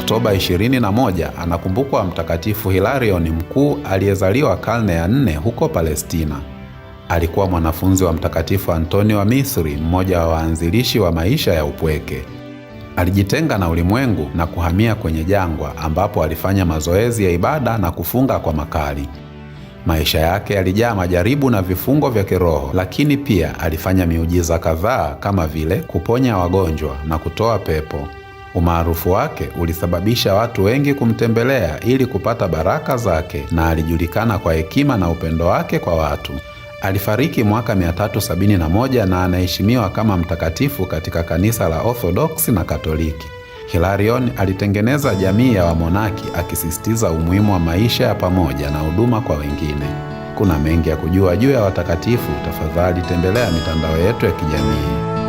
Oktoba 21 anakumbukwa Mtakatifu Hilarion Mkuu aliyezaliwa karne ya nne huko Palestina. Alikuwa mwanafunzi wa Mtakatifu Antonio wa Misri, mmoja wa waanzilishi wa maisha ya upweke. Alijitenga na ulimwengu na kuhamia kwenye jangwa ambapo alifanya mazoezi ya ibada na kufunga kwa makali. Maisha yake yalijaa majaribu na vifungo vya kiroho, lakini pia alifanya miujiza kadhaa kama vile kuponya wagonjwa na kutoa pepo. Umaarufu wake ulisababisha watu wengi kumtembelea ili kupata baraka zake, na alijulikana kwa hekima na upendo wake kwa watu. Alifariki mwaka 371 na anaheshimiwa kama mtakatifu katika kanisa la Orthodoksi na Katoliki. Hilarion alitengeneza jamii ya wamonaki akisisitiza umuhimu wa maisha ya pamoja na huduma kwa wengine. Kuna mengi ya kujua juu ya watakatifu. Tafadhali tembelea mitandao yetu ya kijamii.